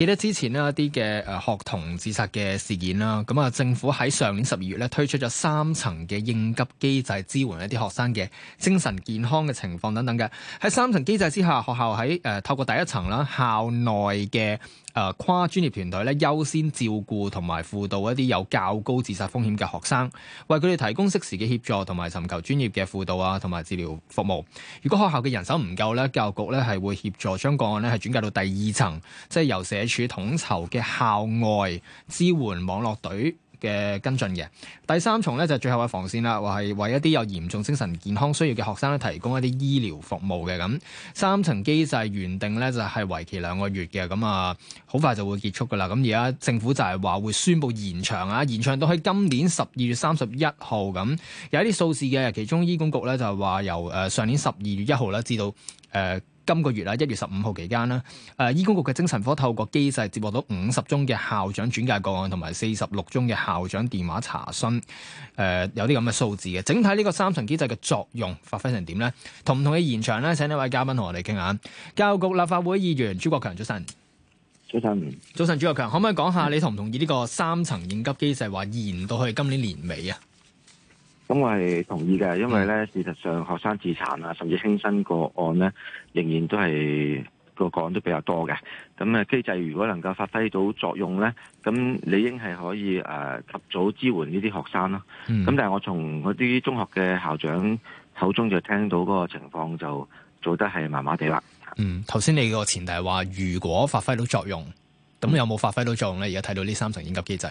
記得之前呢一啲嘅，誒學童自殺嘅事件啦，咁啊政府喺上年十二月咧推出咗三層嘅應急機制，支援一啲學生嘅精神健康嘅情況等等嘅。喺三層機制之下，學校喺誒透過第一層啦，校內嘅。誒、呃、跨專業團隊咧，優先照顧同埋輔導一啲有較高自殺風險嘅學生，為佢哋提供適時嘅協助同埋尋求專業嘅輔導啊，同埋治療服務。如果學校嘅人手唔夠咧，教育局咧係會協助將個案咧係轉介到第二層，即係由社署統籌嘅校外支援網絡隊。嘅跟進嘅第三重咧就係、是、最後嘅防線啦，話係為一啲有嚴重精神健康需要嘅學生咧提供一啲醫療服務嘅。咁三層機制原定咧就係、是、為期兩個月嘅咁啊，好快就會結束噶啦，咁而家政府就係話會宣布延長啊，延長到喺今年十二月三十一號，咁有一啲數字嘅，其中醫管局咧就係話由誒、呃、上年十二月一號咧至到誒。呃今個月啊，一月十五號期間咧，誒，醫管局嘅精神科透過機制接獲到五十宗嘅校長轉介個案，同埋四十六宗嘅校長電話查詢，誒、呃，有啲咁嘅數字嘅。整體呢個三層機制嘅作用發揮成點呢？同唔同意延長呢？請呢位嘉賓同我哋傾下。教育界立法會議員朱國強早晨。早晨，早晨，朱國強，可唔可以講下你同唔同意呢個三層應急機制話延到去今年年尾啊？咁我係同意嘅，因為咧，事實上學生自殘啊，甚至輕生個案咧，仍然都係個個案都比較多嘅。咁啊機制如果能夠發揮到作用咧，咁理應係可以誒、呃、及早支援呢啲學生咯。咁、嗯、但係我從嗰啲中學嘅校長口中就聽到嗰個情況就做得係麻麻地啦。嗯，頭先你個前提係話如果發揮到作用，咁有冇發揮到作用咧？而家睇到呢三層應急機制。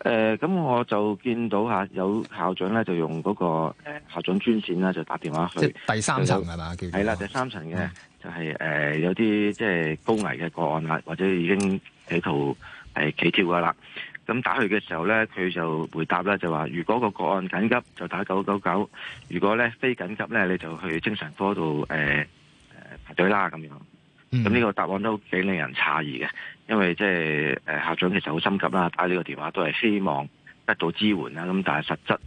誒咁、呃、我就見到嚇有校長咧就用嗰個校長專線啦，就打電話去。即係第三層係嘛？係啦就，第三層嘅、嗯、就係、是、誒、呃、有啲即係高危嘅個案啦，或者已經企圖誒、呃、企跳噶啦。咁打去嘅時候咧，佢就回答啦，就話如果個個案緊急就打九九九，如果咧非緊急咧，你就去精神科度誒誒排隊啦咁樣。咁呢、嗯、個答案都幾令人詫異嘅，因為即係誒，校、呃、長其實好心急啦，打呢個電話都係希望得到支援啦。咁但係實質誒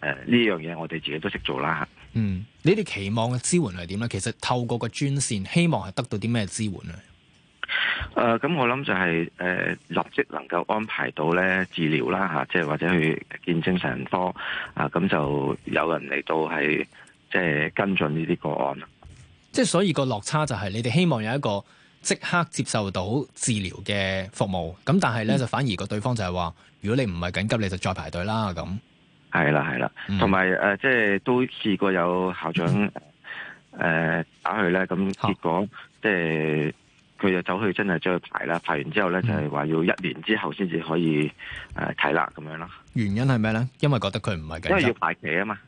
呢樣嘢，呃、我哋自己都識做啦。嗯，你哋期望嘅支援係點咧？其實透過個專線，希望係得到啲咩支援咧？誒、呃，咁我諗就係、是、誒、呃、立即能夠安排到咧治療啦吓、啊，即係或者去見精神科啊，咁就有人嚟到係即係跟進呢啲個案即係所以個落差就係你哋希望有一個即刻接受到治療嘅服務，咁但係咧、嗯、就反而個對方就係話，如果你唔係緊急，你就再排隊啦咁。係啦係啦，同埋誒即係都試過有校長誒、呃、打去咧，咁結果、啊、即係佢就走去真係再去排啦，排完之後咧、嗯、就係話要一年之後先至可以誒睇啦咁樣啦。原因係咩咧？因為覺得佢唔係緊急，因為要排期啊嘛，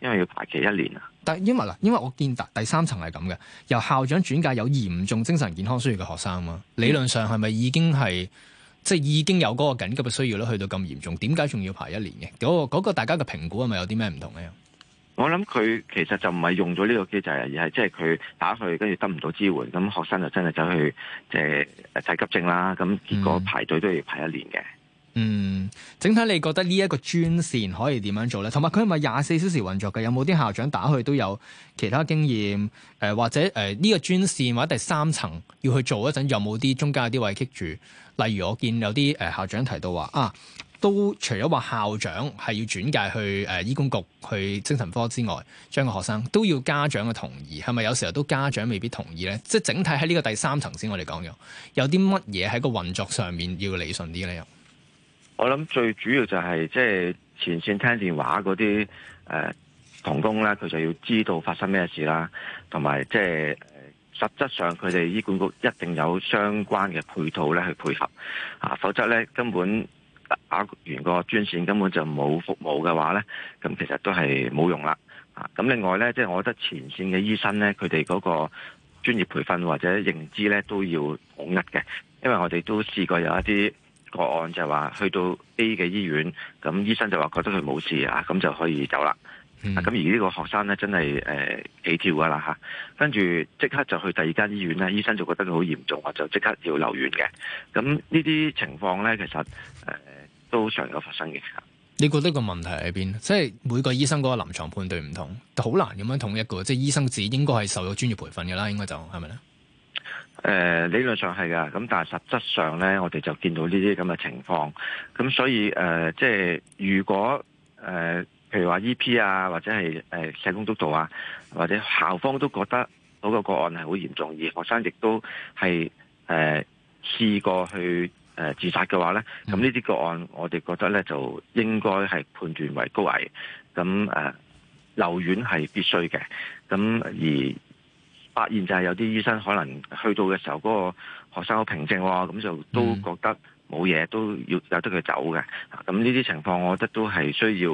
因為要排期一年啊。但因為啦，因為我見第三層係咁嘅，由校長轉介有嚴重精神健康需要嘅學生啊，理論上係咪已經係即係已經有嗰個緊急嘅需要咧？去到咁嚴重，點解仲要排一年嘅？嗰個嗰個大家嘅評估係咪有啲咩唔同咧？我諗佢其實就唔係用咗呢個機制，而係即係佢打去跟住得唔到支援，咁學生就真係走去即係睇急症啦。咁結果排隊都要排一年嘅。嗯嗯，整體你覺得呢一個專線可以點樣做咧？同埋佢係咪廿四小時運作嘅？有冇啲校長打去都有其他經驗？誒、呃，或者誒呢、呃這個專線或者第三層要去做一陣，有冇啲中間有啲位棘住？例如我見有啲誒、呃、校長提到話啊，都除咗話校長係要轉介去誒、呃、醫管局去精神科之外，將個學生都要家長嘅同意，係咪有時候都家長未必同意咧？即係整體喺呢個第三層先我，我哋講咗有啲乜嘢喺個運作上面要理順啲咧？我諗最主要就係即係前線聽電話嗰啲誒童工咧，佢就要知道發生咩事啦，同埋即係實質上佢哋醫管局一定有相關嘅配套咧去配合啊，否則咧根本打、啊、完個專線根本就冇服務嘅話咧，咁其實都係冇用啦啊！咁另外咧，即、就、係、是、我覺得前線嘅醫生咧，佢哋嗰個專業培訓或者認知咧都要統一嘅，因為我哋都試過有一啲個案就係話去到 A 嘅醫院，咁醫生就話覺得佢冇事啊，咁就可以走啦。咁、嗯、而呢個學生咧真係誒、呃、起跳噶啦吓，跟住即刻就去第二間醫院咧，醫生就覺得佢好嚴重，就即刻要留院嘅。咁呢啲情況咧，其實誒、呃、都常有發生嘅。你覺得個問題喺邊？即係每個醫生嗰個臨床判斷唔同，好難咁樣統一噶。即係醫生自己應該係受咗專業培訓噶啦，應該就係咪咧？誒、呃、理論上係㗎，咁但係實質上咧，我哋就見到呢啲咁嘅情況，咁所以誒、呃，即係如果誒、呃，譬如話 E.P. 啊，或者係誒、呃、社工督導啊，或者校方都覺得嗰個個案係好嚴重，而學生亦都係誒試過去誒自殺嘅話咧，咁呢啲個案我哋覺得咧就應該係判斷為高危，咁誒、呃、留院係必須嘅，咁而。發現就係有啲醫生可能去到嘅時候，嗰個學生好平靜，咁就都覺得冇嘢，嗯、都要由得佢走嘅。咁呢啲情況，我覺得都係需要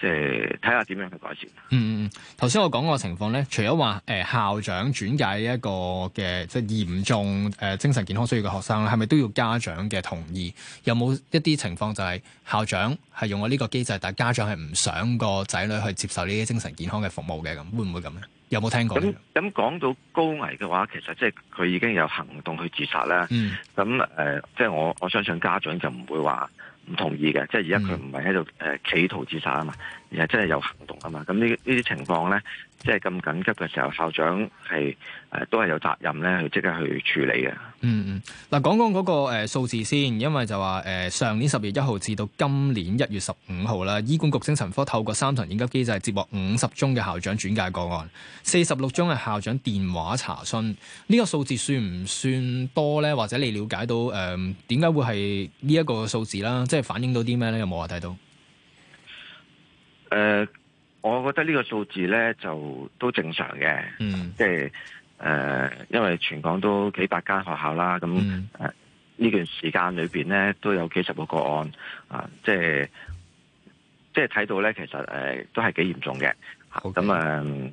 即係睇下點樣去改善。嗯，頭先我講個情況咧，除咗話誒校長轉介一個嘅即係嚴重誒、呃、精神健康需要嘅學生咧，係咪都要家長嘅同意？有冇一啲情況就係校長係用我呢個機制，但係家長係唔想個仔女去接受呢啲精神健康嘅服務嘅咁，會唔會咁咧？有冇聽過？咁咁講到高危嘅話，其實即係佢已經有行動去自殺喇。嗯咁誒，即係、呃就是、我我相信家長就唔會話唔同意嘅。即係而家佢唔係喺度誒企圖自殺啊嘛，而係真係有行動啊嘛。咁呢呢啲情況咧。即係咁緊急嘅時候，校長係誒、呃、都係有責任咧，去即刻去處理嘅。嗯嗯，嗱，講講嗰個誒數、呃、字先，因為就話誒、呃、上年十月一號至到今年一月十五號啦，醫管局精神科透過三層應急機制接獲五十宗嘅校長轉介個案，四十六宗嘅校長電話查詢，呢、這個數字算唔算多咧？或者你了解到誒點解會係呢一個數字啦？即係反映到啲咩咧？有冇話睇到？誒、呃。我覺得呢個數字呢，就都正常嘅，即係、嗯啊、因為全港都幾百間學校啦，咁呢、嗯啊、段時間裏面呢，都有幾十個個案啊，即係即係睇到呢，其實、呃、都係幾嚴重嘅咁 Okay. 啊。嗯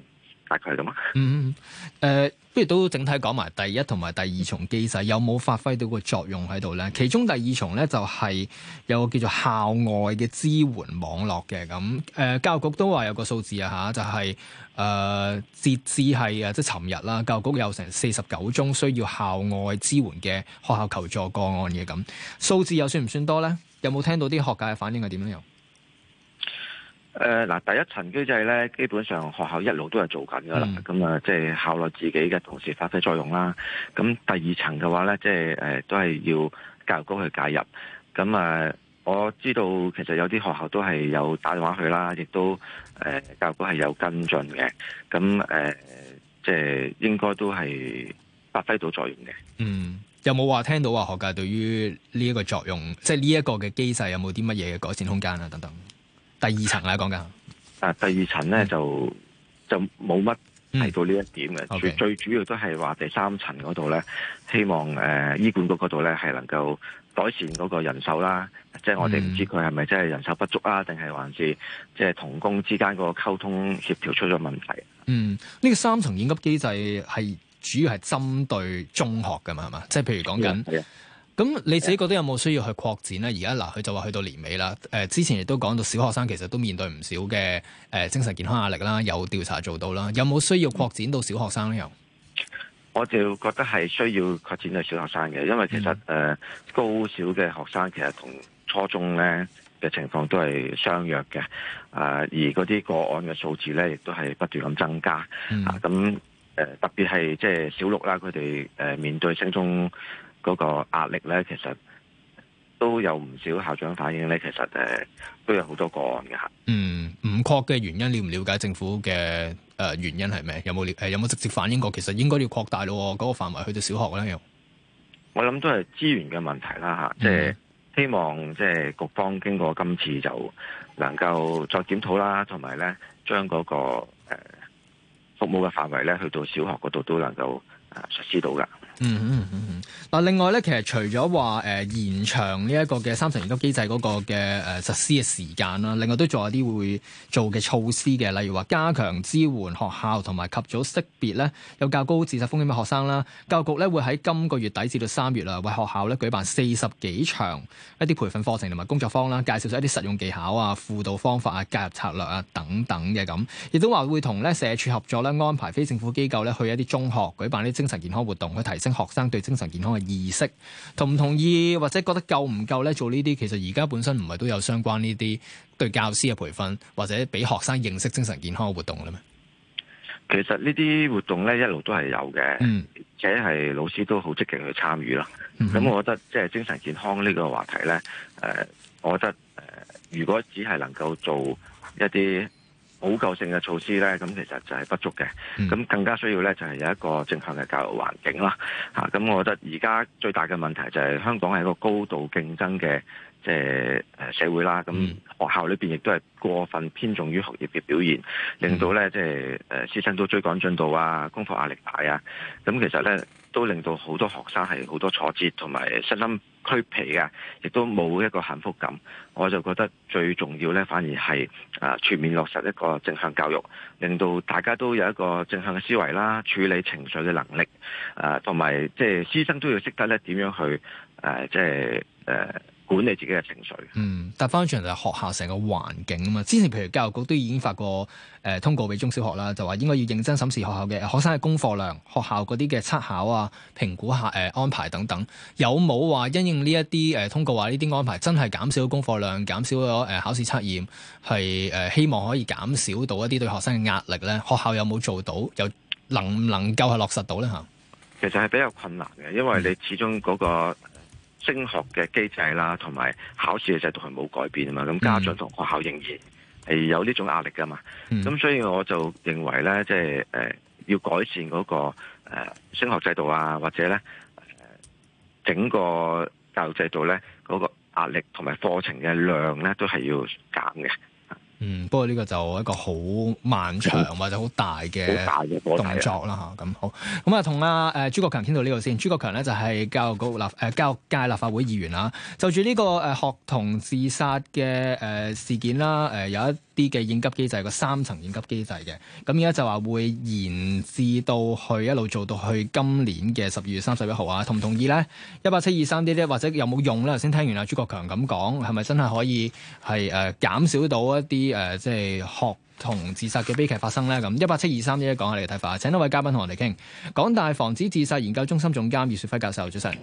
大概咁啊。嗯、呃，不如都整體講埋第一同埋第二重機制有冇發揮到個作用喺度咧？其中第二重咧就係、是、有個叫做校外嘅支援網絡嘅咁、呃。教育局都話有個數字啊嚇，就係、是、誒、呃、截至係啊，即係尋日啦，教育局有成四十九宗需要校外支援嘅學校求助個案嘅咁數字又算唔算多咧？有冇聽到啲學界嘅反應係點咧？誒，嗱、呃，第一層機制咧，基本上學校一路都係做緊噶啦，咁啊、嗯，即係考慮自己嘅同時發揮作用啦。咁第二層嘅話咧，即係誒，都係要教育局去介入。咁啊、呃，我知道其實有啲學校都係有打電話去啦，亦都誒、呃，教育局係有跟進嘅。咁誒，即、呃、係、就是、應該都係發揮到作用嘅。嗯，有冇話聽到話學界對於呢一個作用，即係呢一個嘅機制有冇啲乜嘢嘅改善空間啊？等等。第二層啦，講緊，啊第二層咧、嗯、就就冇乜提到呢一點嘅。最、嗯 okay, 最主要都係話第三層嗰度咧，希望誒、呃、醫管局嗰度咧係能夠改善嗰個人手啦，即、就、係、是、我哋唔知佢係咪真係人手不足啊，定係、嗯、還是即係同工之間個溝通協調出咗問題，啊？嗯，呢、這個三層應急機制係主要係針對中學㗎嘛，係嘛？即、就、係、是、譬如講緊。咁你自己覺得有冇需要去擴展呢？而家嗱，佢就話去到年尾啦。誒，之前亦都講到小學生其實都面對唔少嘅誒精神健康壓力啦，有調查做到啦。有冇需要擴展到小學生呢？又我就覺得係需要擴展到小學生嘅，因為其實誒、嗯呃、高小嘅學生其實同初中咧嘅情況都係相若嘅。啊、呃，而嗰啲個案嘅數字咧，亦都係不斷咁增加啊。咁誒、嗯呃呃、特別係即係小六啦，佢哋誒面對升中，嗰個壓力咧，其實都有唔少校長反映咧，其實誒都有好多個案嘅。嗯，唔確嘅原因了，唔了解政府嘅誒、呃、原因係咩？有冇誒有冇、呃、直接反映過？其實應該要擴大咯，嗰、那個範圍去到小學咧又。我諗都係資源嘅問題啦，吓、嗯，即係希望即係局方經過今次就能夠再檢討啦，同埋咧將嗰個誒、呃、服務嘅範圍咧去到小學嗰度都能夠誒實施到噶。嗯嗯嗯嗱、嗯嗯、另外咧，其實除咗話誒延長呢一個嘅三層應急機制嗰個嘅誒、呃、實施嘅時間啦，另外都仲有啲會做嘅措施嘅，例如話加強支援學校同埋及早識別咧有較高自殺風險嘅學生啦。教育局咧會喺今個月底至到三月啊，為學校咧舉辦四十幾場一啲培訓課程同埋工作坊啦，介紹一啲實用技巧啊、輔導方法啊、介入策略啊等等嘅咁，亦都話會同咧社署合作咧安排非政府機構咧去一啲中學舉辦啲精神健康活動去提學生對精神健康嘅意識，同唔同意或者覺得夠唔夠呢？做呢啲其實而家本身唔係都有相關呢啲對教師嘅培訓或者俾學生認識精神健康嘅活動嘅咩？其實呢啲活動呢，一路都係有嘅，嗯，且係老師都好積極去參與咯。咁、嗯、哼我覺得即係精神健康呢個話題呢，誒、呃，我覺得如果只係能夠做一啲。補救性嘅措施咧，咁其實就係不足嘅。咁更加需要咧，就係有一個正向嘅教育環境啦。嚇，咁我覺得而家最大嘅問題就係香港係一個高度競爭嘅即係誒社會啦。咁學校裏邊亦都係過分偏重於學業嘅表現，令到咧即係誒師生都追趕進度啊，功課壓力大啊。咁其實咧都令到好多學生係好多挫折同埋失心。蛻皮啊，亦都冇一個幸福感。我就覺得最重要咧，反而係啊全面落實一個正向教育，令到大家都有一個正向嘅思維啦，處理情緒嘅能力啊，同埋即係師生都要識得咧點樣去誒，即係誒。就是呃管理自己嘅情緒。嗯，但翻轉嚟學校成個環境啊嘛。之前譬如教育局都已經發過誒、呃、通告俾中小學啦，就話應該要認真審視學校嘅學生嘅功課量、學校嗰啲嘅測考啊、評估下誒、呃、安排等等，有冇話因應呢一啲誒通告話呢啲安排真係減少功課量、減少咗誒、呃、考試測驗，係誒、呃、希望可以減少到一啲對學生嘅壓力咧？學校有冇做到？又能唔能夠去落實到咧嚇？其實係比較困難嘅，因為你始終嗰個、嗯。升學嘅機制啦，同埋考試嘅制度係冇改變啊嘛，咁家長同學校仍然係有呢種壓力噶嘛，咁、嗯、所以我就認為咧，即係誒要改善嗰、嗰個誒、呃、升學制度啊，或者咧、呃、整個教育制度咧嗰個壓力同埋課程嘅量咧，都係要減嘅。嗯，不過呢個就一個好漫長或者好大嘅動作啦吓，咁好，咁啊同阿誒朱國強傾到呢度先，朱國強呢就係、是、教育局立誒、呃、教育界立法會議員啦、啊，就住呢、這個誒、呃、學童自殺嘅誒事件啦，誒、呃、有一。啲嘅應急機制個三層應急機制嘅，咁而家就話會延至到去一路做到去今年嘅十二月三十一號啊，同唔同意咧？一八七二三啲咧，或者有冇用咧？頭先聽完阿朱國強咁講，係咪真係可以係誒、呃、減少到一啲誒、呃、即係學同自殺嘅悲劇發生咧？咁一八七二三啲咧，講下你嘅睇法啊！請一位嘉賓同我哋傾，港大防止自殺研究中心總監葉兆輝教授，早晨。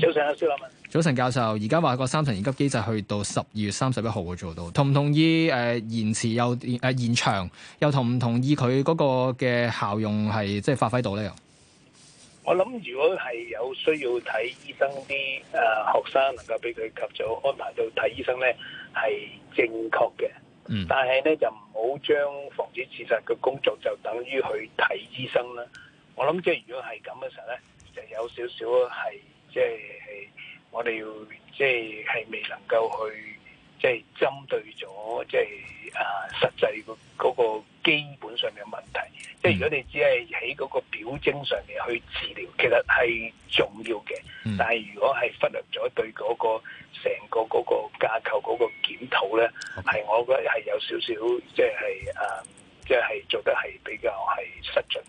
早晨，阿朱立文。早晨，教授，而家話個三層應急機制去到十二月三十一號會做到，同唔同意？誒、呃、延遲又誒延長，又同唔同意佢嗰個嘅效用係即係發揮到咧？又我諗如果係有需要睇醫生啲誒、啊、學生，能夠俾佢及早安排到睇醫生咧，係正確嘅。嗯，但係咧就唔好將防止自殺嘅工作就等於去睇醫生啦。我諗即係如果係咁嘅時候咧，就有少少係即係。我哋要即係未能夠去即係針對咗即係啊實際個嗰個基本上嘅問題，即係如果你只係喺嗰個表徵上面去治療，其實係重要嘅。但係如果係忽略咗對嗰個成個嗰個架構嗰個檢討咧，係 Okay. 我覺得係有少少即係誒即係做得係比較係失準。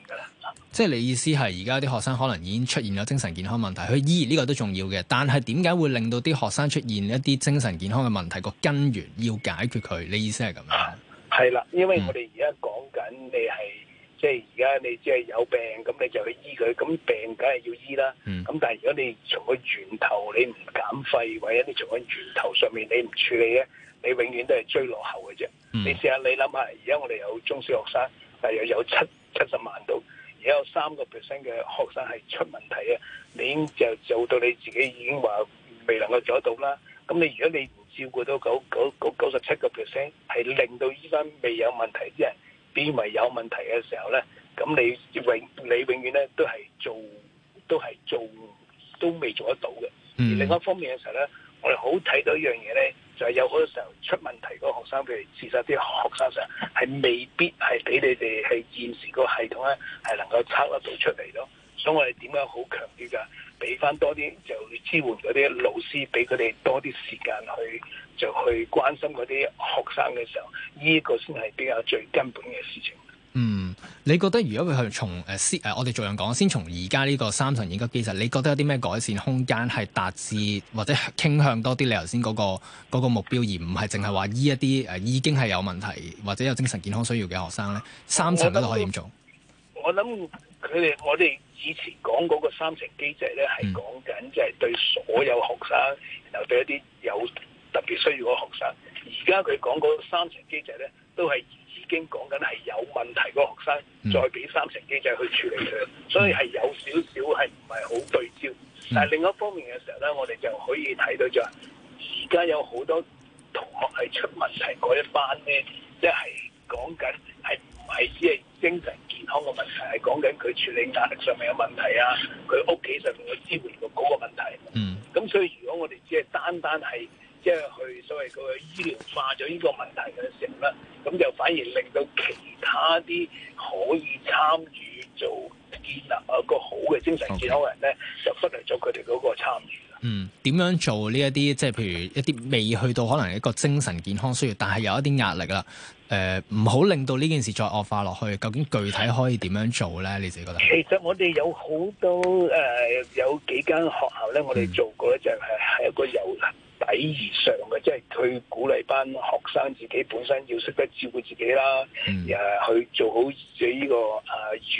即係你意思係而家啲學生可能已經出現咗精神健康問題，佢醫呢個都重要嘅。但係點解會令到啲學生出現一啲精神健康嘅問題？個根源要解決佢。你意思係咁樣？係啦，因為我哋而家講緊你係、嗯、即係而家你即係有病，咁你就去醫佢。咁病梗係要醫啦。咁、嗯、但係如果你從個源頭你唔減費，或者你從個源頭上面你唔處理咧，你永遠都係追落後嘅啫。嗯、你試下你諗下，而家我哋有中小學生，大約有七七十萬到。有三個 percent 嘅學生係出問題啊！你就做到你自己已經話未能夠做得到啦。咁你如果你唔照顧到九九九十七個 percent 係令到呢班未有問題啲人，即係變為有問題嘅時候咧，咁你永你永遠咧都係做都係做都未做得到嘅。而另一方面嘅時候咧，我哋好睇到一樣嘢咧。就係有好多時候出問題個學生，譬如事實啲學生上係未必係俾你哋係現時個系統咧係能夠測得到出嚟咯。所以我哋點解好強調就係俾翻多啲就支援嗰啲老師，俾佢哋多啲時間去就去關心嗰啲學生嘅時候，呢個先係比較最根本嘅事情。嗯，你覺得如果佢係從先我哋逐樣講先，從而家呢個三層應急機制，你覺得有啲咩改善空間，係達至或者傾向多啲你頭先嗰個嗰個目標，而唔係淨係話醫一啲已經係有問題或者有精神健康需要嘅學生咧，三層嗰度可以點做？我諗佢哋我哋以前講嗰個三層機制咧，係講緊就係對所有學生，然後對一啲有特別需要嘅學生。而家佢講嗰個三層機制咧，都係。已經講緊係有問題個學生，再俾三層機制去處理佢，嗯、所以係有少少係唔係好對焦。嗯、但係另一方面嘅時候咧，我哋就可以睇到就係而家有好多同學係出問題嗰一班咧，即係講緊係唔係只係精神健康嘅問題，係講緊佢處理壓力上面嘅問題啊，佢屋企上面嘅支援個嗰個問題。嗯，咁所以如果我哋只係單單係。即係去所謂個醫療化咗呢個問題嘅時候咧，咁就反而令到其他啲可以參與做建立一個好嘅精神健康人咧，Okay. 就忽略咗佢哋嗰個參與。嗯，點樣做呢一啲即係譬如一啲未去到可能一個精神健康需要，但係有一啲壓力啦，誒唔好令到呢件事再惡化落去。究竟具體可以點樣做咧？你自己覺得？其實我哋有好多誒、呃，有幾間學校咧，我哋做過咧，就係係一個有。嗯底而上嘅，即係佢鼓勵一班學生自己本身要識得照顧自己啦，誒、嗯、去做好自己呢個誒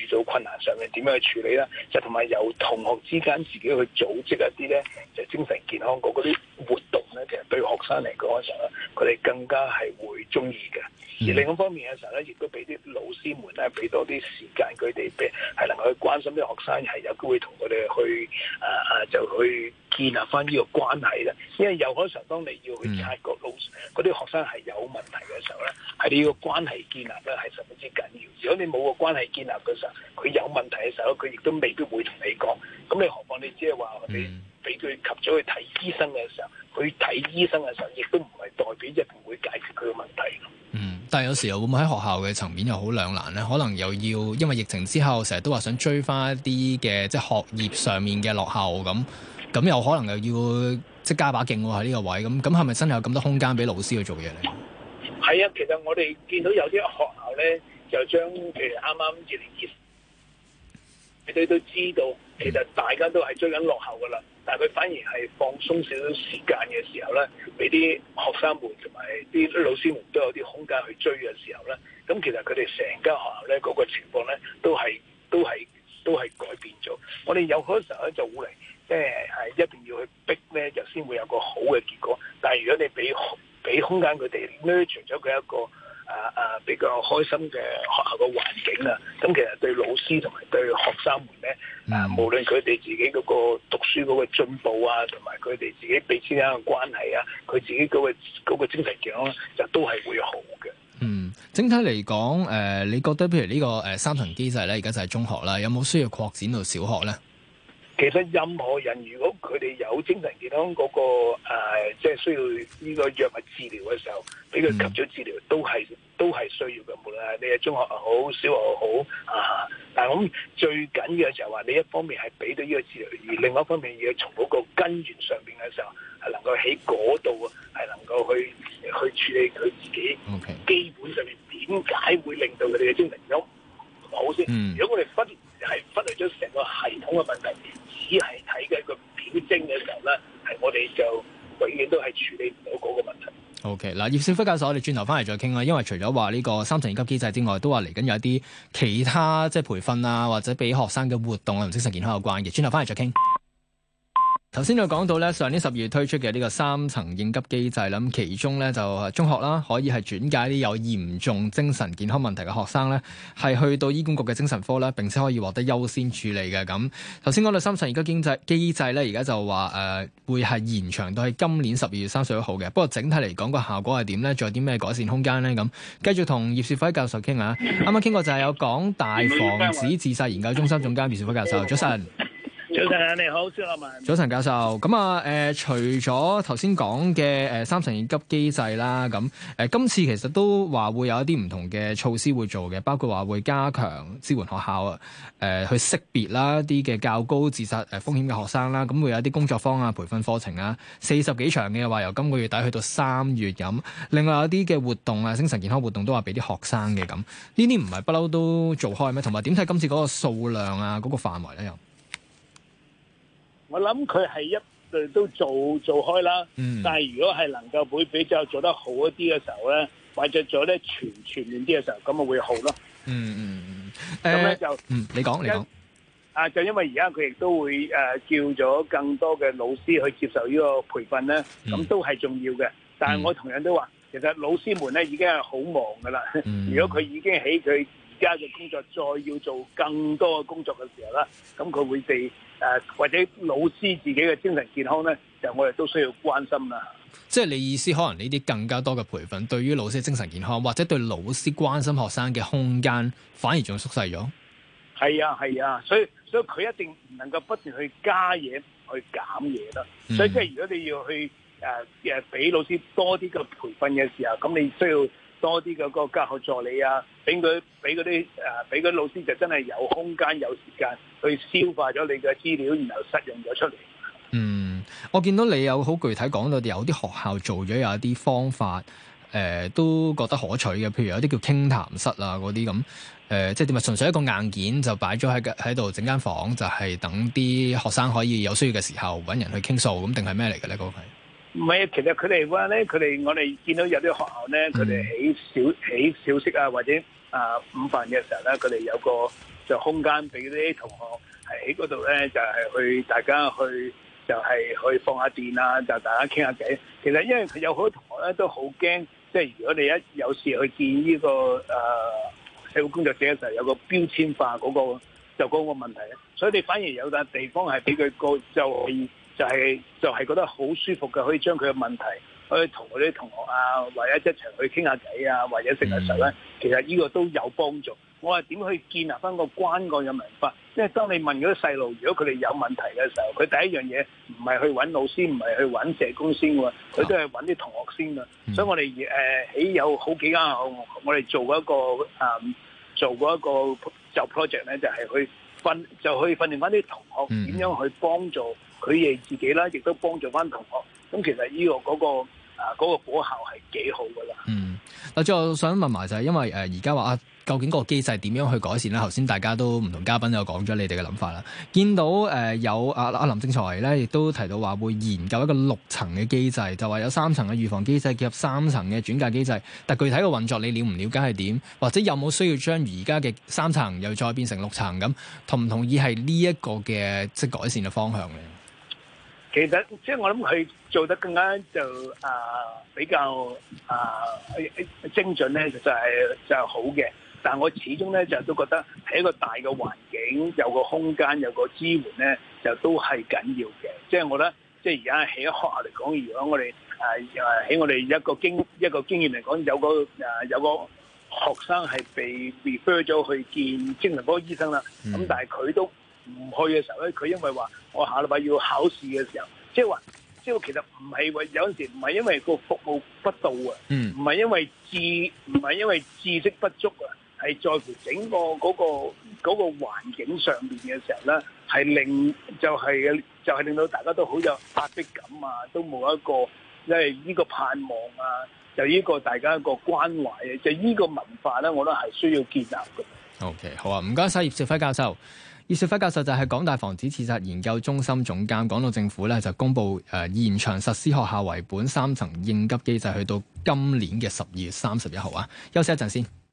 遇到困難上面點樣去處理啦，就同埋由同學之間自己去組織一啲咧，就精神健康嗰啲活動咧，其實對學生嚟講嘅時候咧，佢哋、嗯、更加係會鍾意嘅。而另一方面嘅時候咧，亦都俾啲老師們咧，俾多啲時間佢哋，譬如係能夠去關心啲學生，係有機會同佢哋去誒誒、啊、就去建立翻呢個關係咧，因為有好多時候，當你要去察覺到嗰啲學生係有問題嘅時候咧，係你呢個關係建立咧係十分之緊要。如果你冇個關係建立嘅時候，佢有問題嘅時候，佢亦都未必會同你講。咁你何況你只係話我哋俾佢及早去睇醫生嘅時候，佢睇醫生嘅時候，亦都唔係代表一定會解決佢嘅問題。嗯，但係有時候會唔會喺學校嘅層面又好兩難咧？可能又要因為疫情之後，成日都話想追翻一啲嘅即係學業上面嘅落後咁。咁有可能又要即加把勁喎，喺呢個位咁，咁係咪真係有咁多空間俾老師去做嘢咧？係啊，其實我哋見到有啲學校咧，就將其實啱啱二零二。你哋都知道，其實大家都係追緊落後噶啦，但係佢反而係放鬆少少時間嘅時候咧，俾啲學生們同埋啲老師們都有啲空間去追嘅時候咧，咁其實佢哋成間學校咧，嗰個情況咧都係都係都係改變咗。我哋有嗰陣時咧就會嚟。即係一定要去逼咧，就先會有一個好嘅結果。但係如果你俾俾空間佢哋，n u 咗佢一個啊啊比較開心嘅學校嘅環境啦，咁其實對老師同埋對學生們咧，啊、嗯、無論佢哋自己嗰個讀書嗰個進步啊，同埋佢哋自己彼此間嘅關係啊，佢自己嗰個精神健康咧，就都係會好嘅。嗯，整體嚟講，誒、呃，你覺得譬如呢個誒三層機制咧，而家就係中學啦，有冇需要擴展到小學咧？其實任何人如果佢哋有精神健康嗰、嗰個、呃、即係需要呢個藥物治療嘅時候，俾佢及早治療都係都係需要嘅。無論係你係中學又好，小學又好啊。但係咁最緊要嘅就係話，你一方面係俾到呢個治療，而另外一方面要從嗰個根源上邊嘅時候，係能夠喺嗰度係能夠去去處理佢自己 Okay. 基本上面點解會令到佢哋嘅精神有好先。嗯、如果我哋分係忽略咗成個系統嘅問題，只係睇嘅一個表徵嘅時候咧，係我哋就永遠都係處理唔到嗰個問題。OK，嗱，葉兆輝教授，我哋轉頭翻嚟再傾啦。因為除咗話呢個三層應急機制之外，都話嚟緊有一啲其他即係培訓啊，或者俾學生嘅活動啊，同精神健康有關嘅。轉頭翻嚟再傾。頭先就講到咧，上年十二月推出嘅呢個三層應急機制，咁其中咧就中學啦，可以係轉介啲有嚴重精神健康問題嘅學生咧，係去到醫管局嘅精神科啦，並且可以獲得優先處理嘅。咁頭先講到三層，而家應急機制咧，而家就話誒、呃、會係延長到係今年十二月三十一號嘅。不過整體嚟講個效果係點咧？仲有啲咩改善空間咧？咁繼續同葉兆輝教授傾、啊、下。啱啱傾過就係有港大防止自殺研究中心總監葉兆輝教授，早晨。早晨你好，小羅文。早晨教授，咁啊，誒、呃，除咗頭先講嘅誒三層應急機制啦，咁、呃、誒今次其實都話會有一啲唔同嘅措施會做嘅，包括話會加強支援學校誒、呃、去識別啦一啲嘅較高自殺誒、呃、風險嘅學生啦。咁、呃、會有一啲工作坊啊、培訓課程啊，四十幾場嘅話由今個月底去到三月咁。另外有一啲嘅活動啊，精神健康活動都話俾啲學生嘅，咁呢啲唔係不嬲都做開咩？同埋點睇今次嗰個數量啊，嗰、那個範圍咧又？我諗佢係一路都做做開啦，嗯、但係如果係能夠會比較做得好一啲嘅時候咧，或者做得全全面啲嘅時候，咁啊會好咯。嗯嗯嗯，咁、嗯、咧、嗯嗯、就嗯你講你講，啊就因為而家佢亦都會叫咗更多嘅老師去接受呢個培訓咧，咁都係重要嘅。嗯、但係我同樣都話，嗯、其實老師們咧已經係好忙噶啦。嗯、如果佢已經喺佢。而家嘅工作再要做更多嘅工作嘅時候啦，咁佢會被誒、呃、或者老師自己嘅精神健康咧，就我哋都需要關心啦。即係你意思，可能呢啲更加多嘅培訓，對於老師精神健康，或者對老師關心學生嘅空間，反而仲縮細咗。係啊係啊，所以所以佢一定唔能夠不斷去加嘢去減嘢啦。所以，嗯、所以即係如果你要去誒誒俾老師多啲嘅培訓嘅時候，咁你需要。多啲嘅個教學助理啊，俾佢俾啲誒，俾啲、啊、老師就真係有空間有時間去消化咗你嘅資料，然後實用咗出嚟。嗯，我見到你有好具體講到有啲學校做咗有一啲方法，誒、呃、都覺得可取嘅。譬如有啲叫傾談室啊，嗰啲咁，誒、呃、即係點啊？純粹一個硬件就擺咗喺喺度整間房，就係、是、等啲學生可以有需要嘅時候揾人去傾訴，咁定係咩嚟嘅咧？嗰個係？唔係，其實佢哋話咧，佢哋我哋見到有啲學校咧，佢哋喺小喺小息啊，或者啊午飯嘅時候咧，佢哋有個就空間俾啲同學係喺嗰度咧，就係、是、去大家去就係、是、去放下電啊，就大家傾下偈。其實因為佢有好多同學咧都好驚，即係如果你一有事去見呢、這個誒、啊、社會工作者嘅時候，有個標籤化嗰、那個就嗰個問題咧，所以你反而有笪地方係俾佢個就是就係、是、就係、是、覺得好舒服嘅，可以將佢嘅問題，可以同佢啲同學啊，或者一齊去傾下偈啊，或者食下食咧，其實呢個都有幫助。我話點去建立翻個關愛文化？因為當你問嗰啲細路，如果佢哋有問題嘅時候，佢第一樣嘢唔係去揾老師，唔係去揾社工先喎，佢都係揾啲同學先啊。所以我哋誒喺有好幾間學校，我我哋做一個誒、嗯、做嗰個就 project 咧，就係、就是、去訓就去訓，就去訓練翻啲同學點樣去幫助。佢哋自己啦，亦都幫助翻同學。咁其實呢、這個嗰、那個嗰、那個果效係幾好噶啦。嗯，嗱，最後想問埋就係因為誒而家話啊，究竟個機制點樣去改善咧？頭先大家都唔同嘉賓有講咗你哋嘅諗法啦。見到誒、呃、有阿阿、啊、林正財咧，亦都提到話會研究一個六層嘅機制，就話有三層嘅預防機制結合三層嘅轉介機制。但具體嘅運作你了唔了解係點？或者有冇需要將而家嘅三層又再變成六層咁？同唔同意係呢一個嘅即、就是、改善嘅方向咧？其實即係、就是、我諗佢做得更加就啊、呃、比較啊、呃、精準咧，就係、是、就是、好嘅。但係我始終咧就都覺得喺一個大嘅環境有個空間有個支援咧，就都係緊要嘅。即、就、係、是、我覺得即係而家喺學校嚟講，如果我哋誒誒喺我哋一個經一個經驗嚟講，有個誒、呃、有個學生係被 refer 咗去見精神科醫生啦。咁但係佢都，唔去嘅時候咧，佢因為話我下禮拜要考試嘅時候，即係話，即係其實唔係話有陣時唔係因為個服務不到啊，嗯，唔係因為智唔係因為知識不足啊，係在乎整個嗰個嗰個環境上邊嘅時候咧，係令就係，就係令到大家都好有發洩感啊，都冇一個因為呢個盼望啊，就呢個大家一個關懷啊，就呢個文化咧，我覺得係需要建立嘅。OK，好啊，唔該晒葉兆輝教授。葉兆輝教授就係港大防止自殺研究中心總監。講到政府咧就公布誒延長實施學校為本三層應急機制，去到今年嘅十二月三十一號啊，休息一陣先。